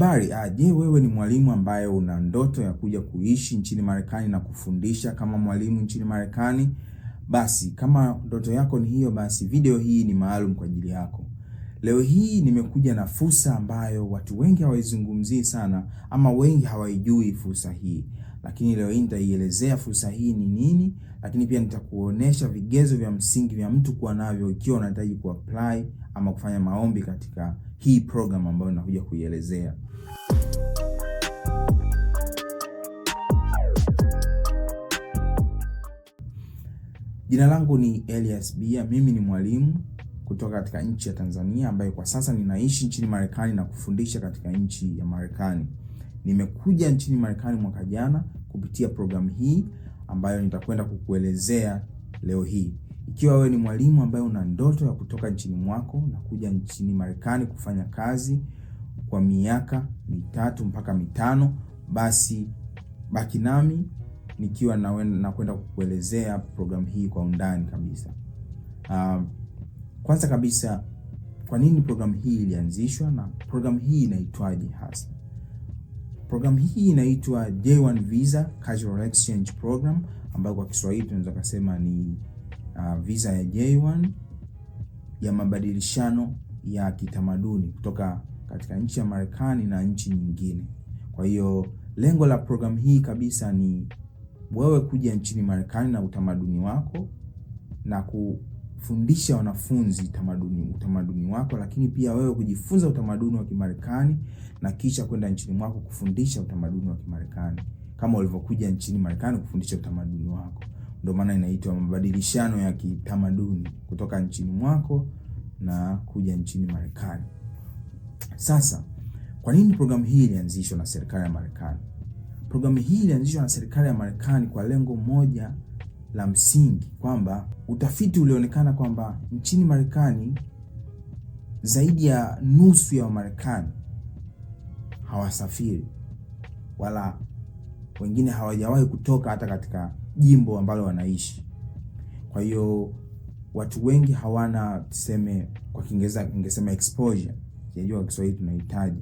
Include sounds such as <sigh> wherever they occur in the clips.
Habari, ah, je, wewe ni mwalimu ambaye una ndoto ya kuja kuishi nchini Marekani na kufundisha kama mwalimu nchini Marekani? Basi kama ndoto yako ni hiyo, basi video hii ni maalum kwa ajili yako. Leo hii nimekuja na fursa ambayo watu wengi hawaizungumzii sana, ama wengi hawaijui fursa hii, lakini leo hii nitaielezea fursa hii ni nini, lakini pia nitakuonesha vigezo vya msingi vya mtu kuwa navyo ikiwa unahitaji kuapply ama kufanya maombi katika hii program ambayo nakuja kuielezea. Jina langu ni Elias Bia, mimi ni mwalimu kutoka katika nchi ya Tanzania ambaye kwa sasa ninaishi nchini Marekani na kufundisha katika nchi ya Marekani. Nimekuja nchini Marekani mwaka jana kupitia programu hii ambayo nitakwenda kukuelezea leo hii. Ikiwa wewe ni mwalimu ambaye una ndoto ya kutoka nchini mwako na kuja nchini Marekani kufanya kazi kwa miaka mitatu mpaka mitano, basi baki nami nikiwa nakwenda kukuelezea programu hii kwa undani kabisa. Uh, kwanza kabisa kwa nini programu hii ilianzishwa na programu hii inaitwaje hasa? Programu hii inaitwa J1 Visa Casual Exchange Program ambayo kwa Kiswahili tunaweza kusema ni uh, visa ya J1 ya mabadilishano ya kitamaduni kutoka katika nchi ya Marekani na nchi nyingine. Kwa hiyo lengo la programu hii kabisa ni wewe kuja nchini Marekani na utamaduni wako na kufundisha wanafunzi tamaduni utamaduni wako, lakini pia wewe kujifunza utamaduni wa Kimarekani na kisha kwenda nchini mwako kufundisha utamaduni wa Kimarekani kama ulivyokuja nchini Marekani kufundisha utamaduni wako. Ndio maana inaitwa mabadilishano ya kitamaduni kutoka nchini mwako na kuja nchini Marekani. Sasa, kwa nini programu hii ilianzishwa na serikali ya Marekani? Programu hii ilianzishwa na serikali ya Marekani kwa lengo moja la msingi kwamba utafiti ulionekana kwamba nchini Marekani zaidi ya nusu ya Wamarekani hawasafiri wala wengine hawajawahi kutoka hata katika jimbo ambalo wanaishi. Kwa hiyo watu wengi hawana tuseme, kwa Kiingereza ningesema exposure, sijajua kwa Kiswahili tunahitaji,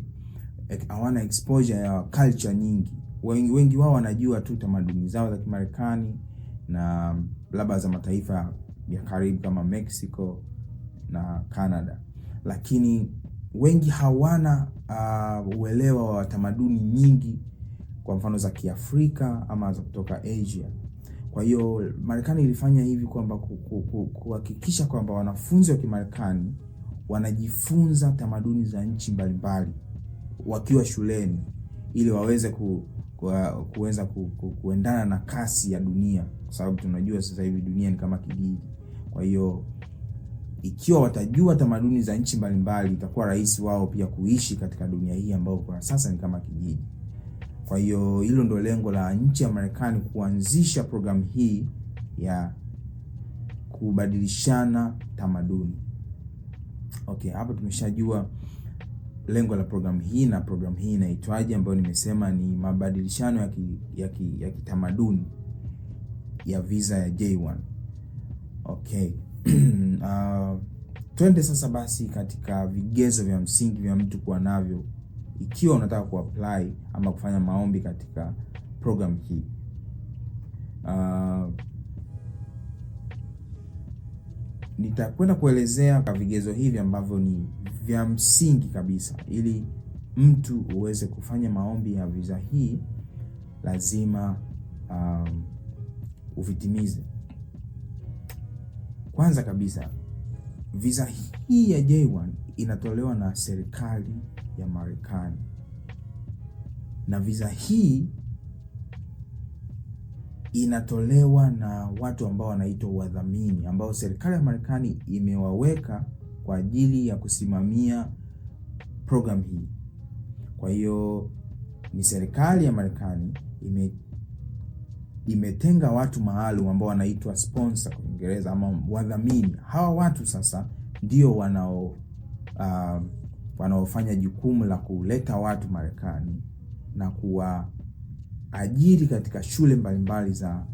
hawana exposure ya culture nyingi. Wengi wengi wao wanajua tu tamaduni zao za Kimarekani na labda za mataifa ya karibu kama Mexico na Canada, lakini wengi hawana uh, uelewa wa tamaduni nyingi, kwa mfano za Kiafrika ama za kutoka Asia. Kwa hiyo Marekani ilifanya hivi kwamba kuhakikisha ku, ku, kwamba wanafunzi wa Kimarekani wanajifunza tamaduni za nchi mbalimbali wakiwa shuleni ili waweze ku, ku, kuweza ku, ku, kuendana na kasi ya dunia, kwa sababu tunajua sasa hivi dunia ni kama kijiji. Kwa hiyo ikiwa watajua tamaduni za nchi mbalimbali, itakuwa rahisi wao pia kuishi katika dunia hii ambayo kwa sasa ni kama kijiji. Kwa hiyo hilo ndio lengo la nchi ya Marekani kuanzisha programu hii ya kubadilishana tamaduni. Okay, hapa tumeshajua lengo la programu hii na programu hii inaitwaje, ambayo nimesema ni mabadilishano ya ki, ya ki, ya kitamaduni ya visa ya J1. Okay. <clears throat> Uh, twende sasa basi katika vigezo vya msingi vya mtu kuwa navyo ikiwa unataka kuapply ama kufanya maombi katika program hii. Uh, nitakwenda kuelezea kwa vigezo hivi ambavyo ni vya msingi kabisa, ili mtu uweze kufanya maombi ya visa hii lazima um, uvitimize. Kwanza kabisa visa hii ya J1 inatolewa na serikali ya Marekani, na visa hii inatolewa na watu ambao wanaitwa wadhamini, ambao serikali ya Marekani imewaweka kwa ajili ya kusimamia programu hii. Kwa hiyo ni serikali ya Marekani ime imetenga watu maalum ambao wanaitwa sponsor kwa Kiingereza ama wadhamini. Hawa watu sasa ndio wanao uh, wanaofanya jukumu la kuleta watu Marekani na kuwaajiri katika shule mbalimbali za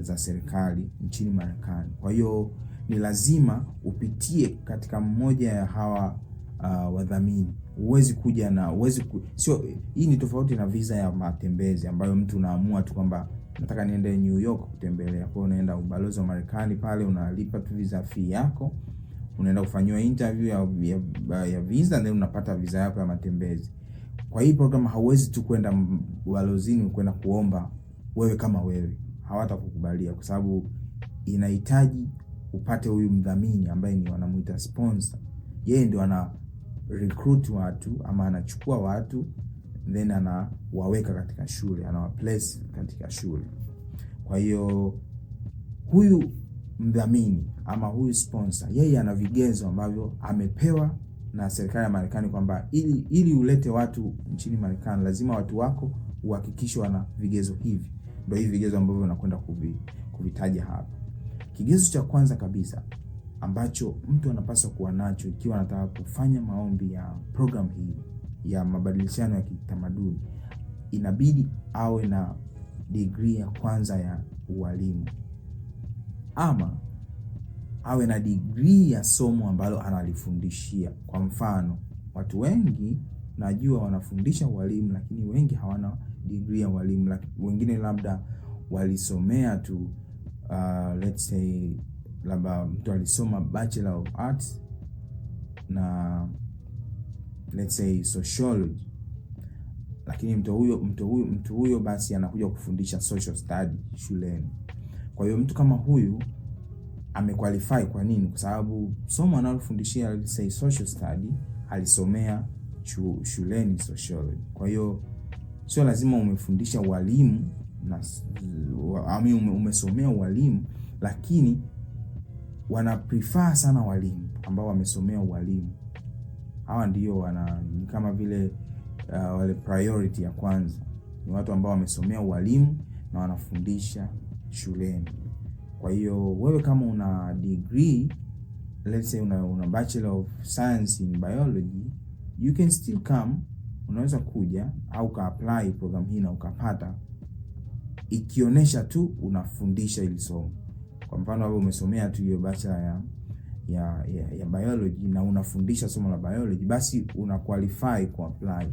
za serikali nchini Marekani. Kwa hiyo ni lazima upitie katika mmoja ya hawa uh, wadhamini. Huwezi kuja na huwezi ku, sio hii ni tofauti na visa ya matembezi ambayo mtu unaamua tu kwamba nataka niende New York kutembelea. Kwa hiyo unaenda ubalozi wa Marekani pale, unalipa tu visa fee yako unaenda kufanyiwa interview ya, ya, ya visa then unapata visa yako ya matembezi. Kwa hii program hauwezi tu kwenda walozini kwenda kuomba wewe kama wewe, hawatakukubalia kwa sababu inahitaji upate huyu mdhamini ambaye ni wanamuita sponsor. Yeye ndio ana recruit watu ama anachukua watu then anawaweka katika shule, place katika shule. Kwa hiyo huyu mdhamini ama huyu sponsor, yeye ana vigezo ambavyo amepewa na serikali ya Marekani kwamba ili ili ulete watu nchini Marekani lazima watu wako uhakikishwe wana vigezo hivi. Ndio hivi vigezo ambavyo unakwenda kuvi, kuvitaja hapa. Kigezo cha kwanza kabisa ambacho mtu anapaswa kuwa nacho ikiwa anataka kufanya maombi ya program hii ya mabadilishano ya kitamaduni, inabidi awe na degree ya kwanza ya ualimu ama awe na digrii ya somo ambalo analifundishia. Kwa mfano, watu wengi najua wanafundisha walimu, lakini wengi hawana digrii ya walimu Wengine labda walisomea tu uh, let's say labda mtu alisoma Bachelor of Arts na let's say sociology, lakini mtu huyo mtu huyo mtu huyo basi anakuja kufundisha social study shuleni. Kwa hiyo mtu kama huyu amequalify kwa nini? Kwa sababu somo analofundishia say social study alisomea shuleni sociology. Kwa hiyo sio lazima umefundisha walimu na ami umesomea walimu, lakini wana prefer sana walimu ambao wamesomea walimu. Hawa ndio wana kama vile uh, wale priority ya kwanza ni watu ambao wamesomea walimu na wanafundisha shuleni. Kwa hiyo wewe kama una degree let's say una, una bachelor of science in biology you can still come, unaweza kuja au ka apply program hii na ukapata, ikionyesha tu unafundisha hili somo. Kwa mfano wewe umesomea tu hiyo bachelor ya ya, ya ya biology na unafundisha somo la biology, basi una qualify ku apply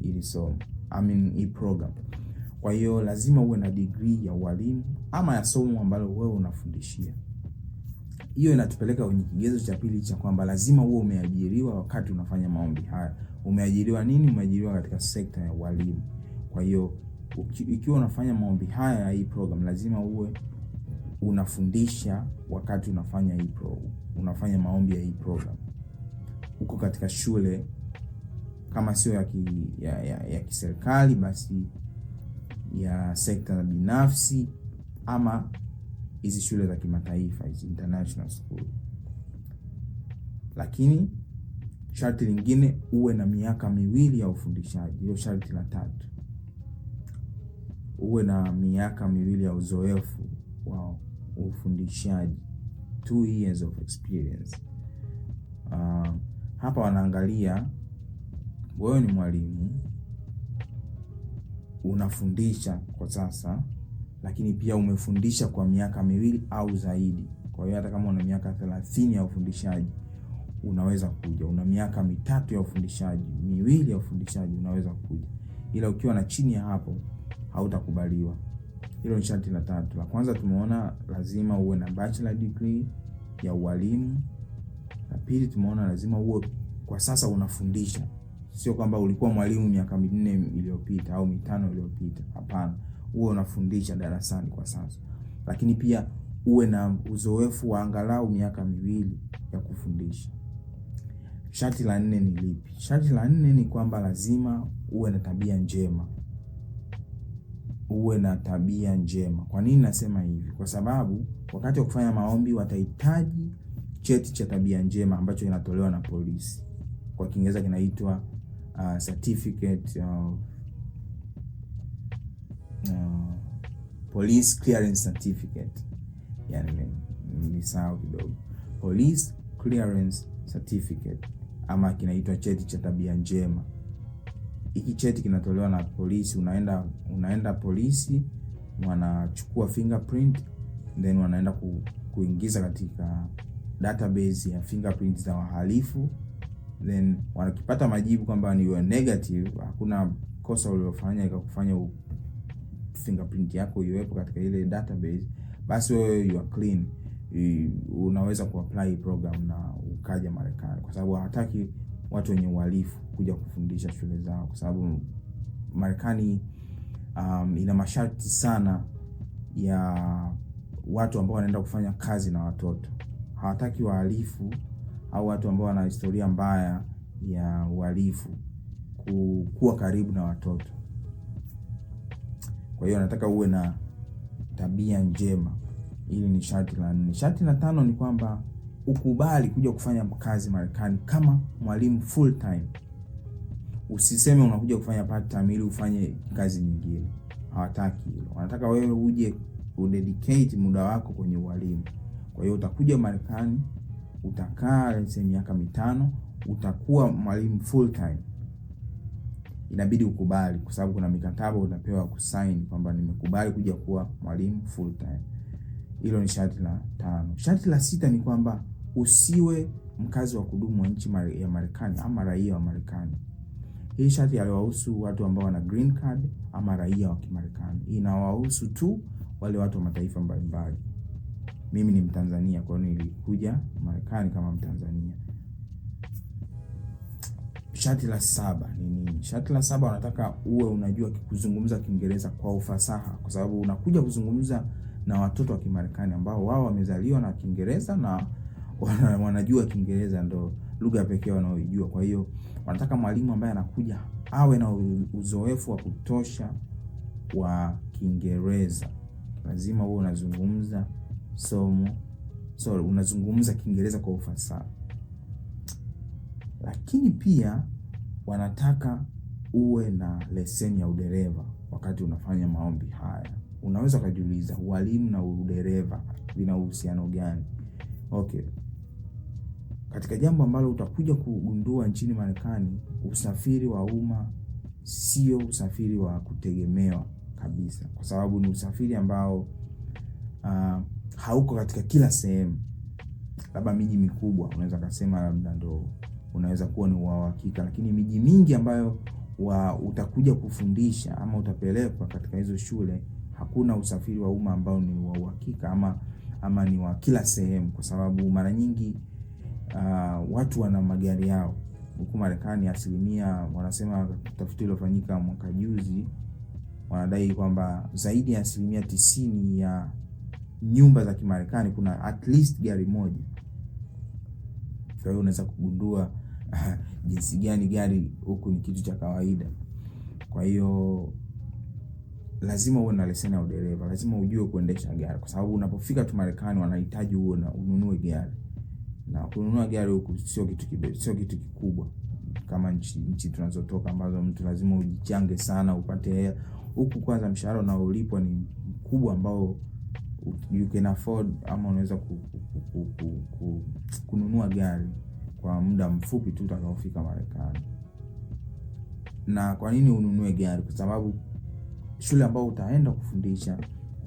ili somo I mean hii program. Kwa hiyo lazima uwe na degree ya ualimu ama ya somo ambalo wewe unafundishia. Hiyo inatupeleka kwenye kigezo cha pili cha kwamba lazima uwe umeajiriwa wakati unafanya maombi haya. Umeajiriwa nini? Umeajiriwa katika sekta ya ualimu. Kwa hiyo ikiwa unafanya maombi haya ya hii program, lazima uwe unafundisha wakati unafanya hii pro, unafanya maombi ya hii program uko katika shule kama sio ya, ki, ya, ya, ya kiserikali basi ya sekta binafsi ama hizi shule za kimataifa hizi international school, lakini sharti lingine uwe na miaka miwili ya ufundishaji. Hiyo sharti la tatu, uwe na miaka miwili ya uzoefu wa ufundishaji, two years of experience. Uh, hapa wanaangalia wewe ni mwalimu unafundisha kwa sasa, lakini pia umefundisha kwa miaka miwili au zaidi. Kwa hiyo hata kama una miaka thelathini ya ufundishaji unaweza kuja, una miaka mitatu ya ufundishaji, miwili ya ufundishaji unaweza kuja, ila ukiwa na chini ya hapo hautakubaliwa. Hilo ni sharti la tatu. La kwanza tumeona lazima uwe na bachelor degree ya ualimu. La pili tumeona lazima uwe kwa sasa unafundisha sio kwamba ulikuwa mwalimu miaka minne iliyopita au mitano iliyopita. Hapana, uwe unafundisha darasani kwa sasa, lakini pia uwe na uzoefu wa angalau miaka miwili ya kufundisha. Sharti la nne ni lipi? Sharti la nne ni kwamba lazima uwe na tabia njema, uwe na tabia njema. Kwa nini nasema hivi? Kwa sababu wakati wa kufanya maombi watahitaji cheti cha tabia njema ambacho inatolewa na polisi, kwa Kiingereza kinaitwa uh, certificate of uh, police clearance certificate. Yani kidogo, police clearance certificate ama kinaitwa cheti cha tabia njema. Hiki cheti kinatolewa na polisi. Unaenda unaenda polisi, wanachukua fingerprint then wanaenda ku, kuingiza katika database ya fingerprint za wahalifu then wanakipata majibu kwamba ni you are negative, hakuna kosa uliofanya ikakufanya fingerprint yako iwepo katika ile database, basi wewe you are clean, unaweza kuapply program na ukaja Marekani, kwa sababu hawataki watu wenye uhalifu kuja kufundisha shule zao, kwa sababu Marekani um, ina masharti sana ya watu ambao wanaenda kufanya kazi na watoto. Hawataki wahalifu au watu ambao wana historia mbaya ya uhalifu kuwa karibu na watoto. Kwa hiyo nataka uwe na tabia njema, ili ni sharti la nne. Sharti la tano ni kwamba ukubali kuja kufanya kazi Marekani kama mwalimu full time. Usiseme unakuja kufanya part time ili ufanye kazi nyingine, hawataki hilo. Wanataka wewe uje udedicate muda wako kwenye ualimu. Kwa hiyo utakuja Marekani utakaa lese miaka mitano, utakuwa mwalimu full time, inabidi ukubali, kwa sababu kuna mikataba unapewa kusaini kwamba nimekubali kuja kuwa mwalimu full time. Hilo ni sharti la tano. Sharti la sita ni kwamba usiwe mkazi wa kudumu wa nchi ya Marekani ama raia wa Marekani. Hii sharti yaliwahusu watu ambao wana green card ama raia wa Kimarekani. Inawahusu tu wale watu wa mataifa mbalimbali mimi ni Mtanzania, kwa hiyo nilikuja Marekani kama Mtanzania. Sharti la saba ni nini? Sharti la saba wanataka uwe unajua kuzungumza Kiingereza kwa ufasaha, kwa sababu unakuja kuzungumza na watoto wa Kimarekani ambao wao wamezaliwa na Kiingereza na wanajua Kiingereza ndo lugha pekee wanaoijua. Kwa hiyo wanataka mwalimu ambaye anakuja awe na uzoefu wa kutosha wa Kiingereza. Lazima uwe unazungumza somo so unazungumza Kiingereza kwa ufasaha, lakini pia wanataka uwe na leseni ya udereva. Wakati unafanya maombi haya, unaweza ukajiuliza walimu na udereva vina uhusiano gani? Okay, katika jambo ambalo utakuja kugundua nchini Marekani, usafiri wa umma sio usafiri wa kutegemewa kabisa, kwa sababu ni usafiri ambao uh, hauko katika kila sehemu. Labda miji mikubwa unaweza kusema labda ndo unaweza kuwa ni wa uhakika, lakini miji mingi ambayo wa utakuja kufundisha ama utapelekwa katika hizo shule, hakuna usafiri wa umma ambao ni wa uhakika ama ama ni wa kila sehemu, kwa sababu mara nyingi uh, watu wana magari yao huku Marekani. Asilimia wanasema tafiti iliyofanyika mwaka juzi wanadai kwamba zaidi ya asilimia tisini ya nyumba za Kimarekani kuna at least gari moja. Kwa hiyo unaweza kugundua <laughs> jinsi gani gari huku ni kitu cha kawaida. Kwa hiyo lazima uwe na leseni ya udereva, lazima ujue kuendesha gari, kwa sababu unapofika tu Marekani wanahitaji uwe na ununue gari, na kununua gari huku sio kitu kidogo, sio kitu kikubwa kama nchi nchi tunazotoka ambazo mtu lazima ujichange sana upate hela. Huku kwanza mshahara unaolipwa ni mkubwa ambao you can afford ama unaweza ku, ku, ku, ku, ku, kununua gari kwa muda mfupi tu utakaofika Marekani. Na kwa nini ununue gari? Kwa sababu shule ambayo utaenda kufundisha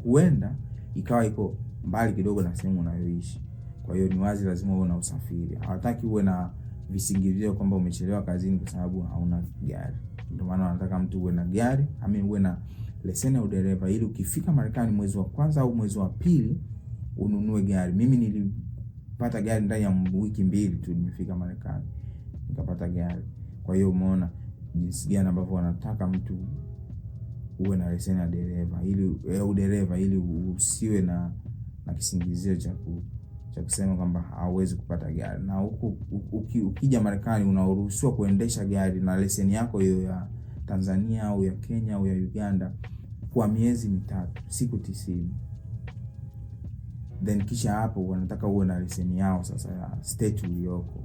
huenda ikawa iko mbali kidogo na sehemu unayoishi. Kwa hiyo ni wazi lazima uwe na usafiri. Hawataki uwe na visingizio kwamba umechelewa kazini kwa sababu hauna gari. Ndio maana wanataka mtu uwe na gari, ama uwe na leseni ya udereva ili ukifika Marekani mwezi wa kwanza au mwezi wa pili ununue gari. Mimi nilipata gari ndani ya wiki mbili tu, nimefika Marekani nikapata gari. Kwa hiyo umeona jinsi gani ambavyo wanataka mtu uwe na leseni ya dereva ili udereva ili usiwe na na kisingizio cha ku cha kusema kwamba hauwezi kupata gari, na huku ukija Marekani unaruhusiwa kuendesha gari na leseni yako hiyo ya Tanzania au ya Kenya au ya Uganda kwa miezi mitatu, siku tisini then kisha hapo wanataka uwe na leseni yao sasa ya state uliyoko.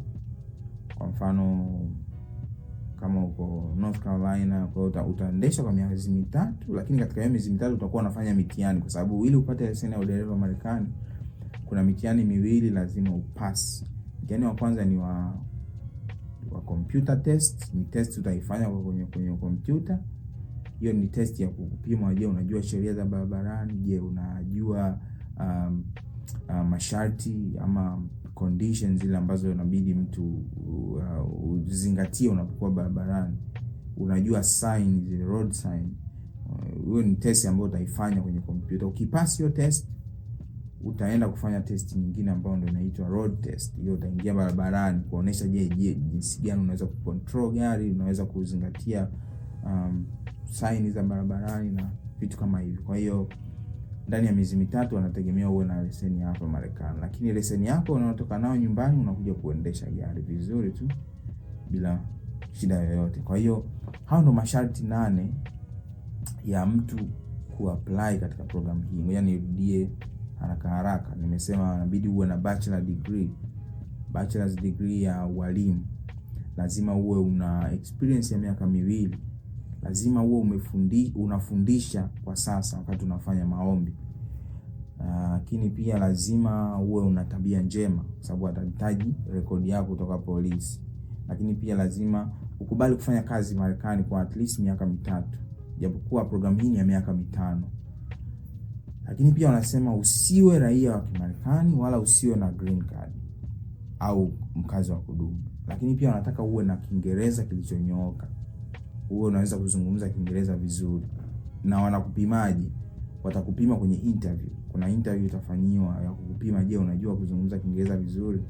Kwa mfano kama uko North Carolina, kwa hiyo utaendesha kwa miezi mitatu, lakini katika hiyo miezi mitatu utakuwa unafanya mitihani, kwa sababu ili upate leseni ya udereva Marekani kuna mitihani miwili lazima upasi. Mtihani wa kwanza ni wa wa computer test, ni test utaifanya kwenye kwenye kompyuta. Hiyo ni test ya kukupima, je, unajua sheria za barabarani? Je, unajua um, uh, masharti ama conditions zile ambazo inabidi mtu uh, uzingatie uh, unapokuwa barabarani. Unajua sign zile road sign. Hiyo uh, ni test ambayo utaifanya kwenye kompyuta. Ukipasi hiyo test utaenda kufanya test nyingine ambayo ndio inaitwa road test. Hiyo utaingia barabarani kuonesha, je, je jinsi gani unaweza kucontrol gari, unaweza kuzingatia um, saini za barabarani na vitu kama hivyo. Kwa hiyo ndani ya miezi mitatu wanategemea uwe na leseni hapa Marekani, lakini leseni yako unaotoka nayo nyumbani unakuja kuendesha gari vizuri tu bila shida yoyote. Kwa hiyo hao ndo masharti nane ya mtu kuapply katika programu hii. Ngoja nirudie haraka haraka, nimesema inabidi uwe na bachelor degree, bachelor's degree ya ualimu, lazima uwe una experience ya miaka miwili, lazima uwe umefundi, unafundisha kwa sasa wakati unafanya maombi, ah, lakini uh, pia lazima uwe una tabia njema, kwa sababu atahitaji rekodi yako kutoka polisi, lakini pia lazima ukubali kufanya kazi Marekani kwa at least miaka mitatu, japokuwa programu hii ni ya miaka mitano lakini pia wanasema usiwe raia wa Kimarekani wala usiwe na green card au mkazi wa kudumu, lakini pia wanataka uwe na Kiingereza kilichonyooka, uwe unaweza kuzungumza Kiingereza vizuri. Na wanakupimaje? Watakupima kwenye interview. Kuna interview itafanyiwa ya kukupima, je, unajua kuzungumza Kiingereza vizuri.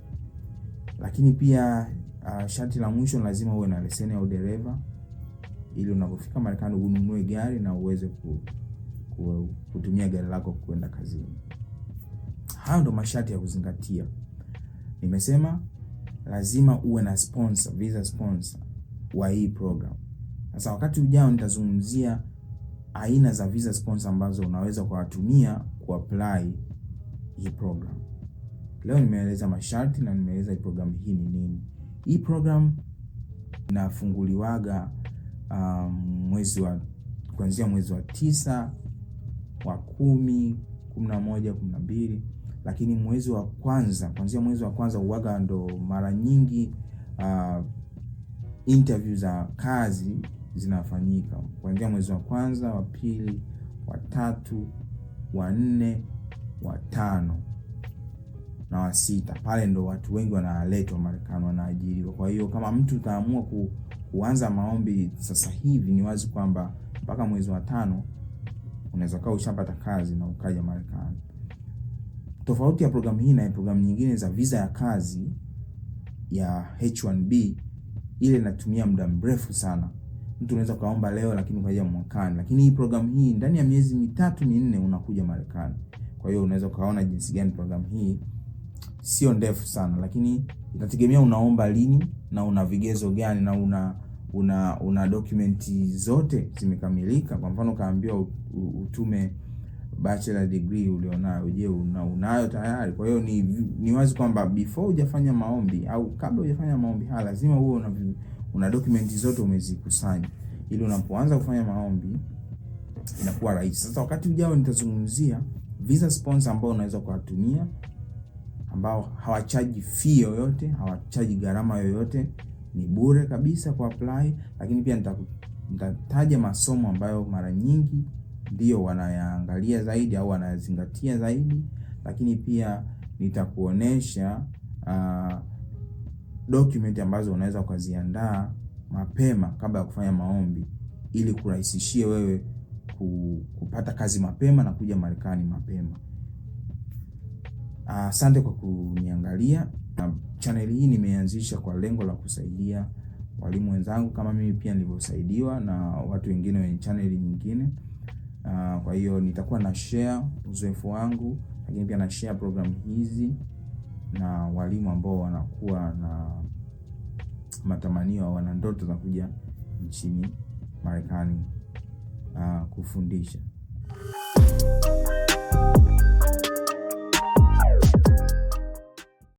Lakini pia uh, sharti la mwisho lazima uwe na leseni ya udereva ili unapofika Marekani ununue gari na uweze ku kutumia gari lako kwenda kazini. Hayo ndo masharti ya kuzingatia. Nimesema lazima uwe na sponsor, visa sponsor wa hii program. Sasa wakati ujao nitazungumzia aina za visa sponsor ambazo unaweza kuwatumia kuapply hii program. Leo nimeeleza masharti na nimeeleza program hii ni nini. Hii program inafunguliwaga um, mwezi wa kuanzia mwezi wa tisa wa kumi, kumi na moja, kumi na mbili, lakini mwezi wa kwanza, kuanzia mwezi wa kwanza uwaga ndo mara nyingi uh, interview za kazi zinafanyika kuanzia mwezi wa kwanza, wa pili, wa tatu, wa nne, wa tano na wa sita. Pale ndo watu wengi wanaletwa Marekani, wanaajiriwa. Kwa hiyo kama mtu utaamua ku, kuanza maombi sasa hivi, ni wazi kwamba mpaka mwezi wa tano unaweza kaa ushapata kazi na ukaja Marekani. Tofauti ya programu hii na programu nyingine za visa ya kazi ya H1B, ile inatumia muda mrefu sana. Mtu unaweza kaomba leo lakini ukaja mwakani, lakini hii programu hii ndani ya miezi mitatu minne unakuja Marekani. Kwa hiyo unaweza kaona jinsi gani programu hii sio ndefu sana, lakini inategemea unaomba lini na una vigezo gani na una una una dokumenti zote zimekamilika. Kwa mfano kaambiwa utume bachelor degree ulionayo, je, una, unayo tayari? Kwa hiyo ni, ni wazi kwamba before hujafanya maombi au kabla hujafanya maombi haya lazima uwe una, una dokumenti zote umezikusanya, ili unapoanza kufanya maombi inakuwa rahisi. Sasa wakati ujao nitazungumzia visa sponsor ambao unaweza kuwatumia ambao hawachaji fee yoyote, hawachaji gharama yoyote ni bure kabisa kwa apply, lakini pia nitataja masomo ambayo mara nyingi ndio wanayaangalia zaidi au wanayazingatia zaidi, lakini pia nitakuonesha uh, document ambazo unaweza ukaziandaa mapema kabla ya kufanya maombi ili kurahisishie wewe kupata kazi mapema na kuja Marekani mapema. Asante uh, kwa kuniangalia. na channel hii nimeanzisha kwa lengo la kusaidia walimu wenzangu kama mimi pia nilivyosaidiwa na watu wengine wenye channel nyingine. Uh, kwa hiyo nitakuwa na share uzoefu wangu, lakini pia na share programu hizi na walimu ambao wanakuwa na matamanio au wana ndoto za kuja nchini Marekani uh, kufundisha.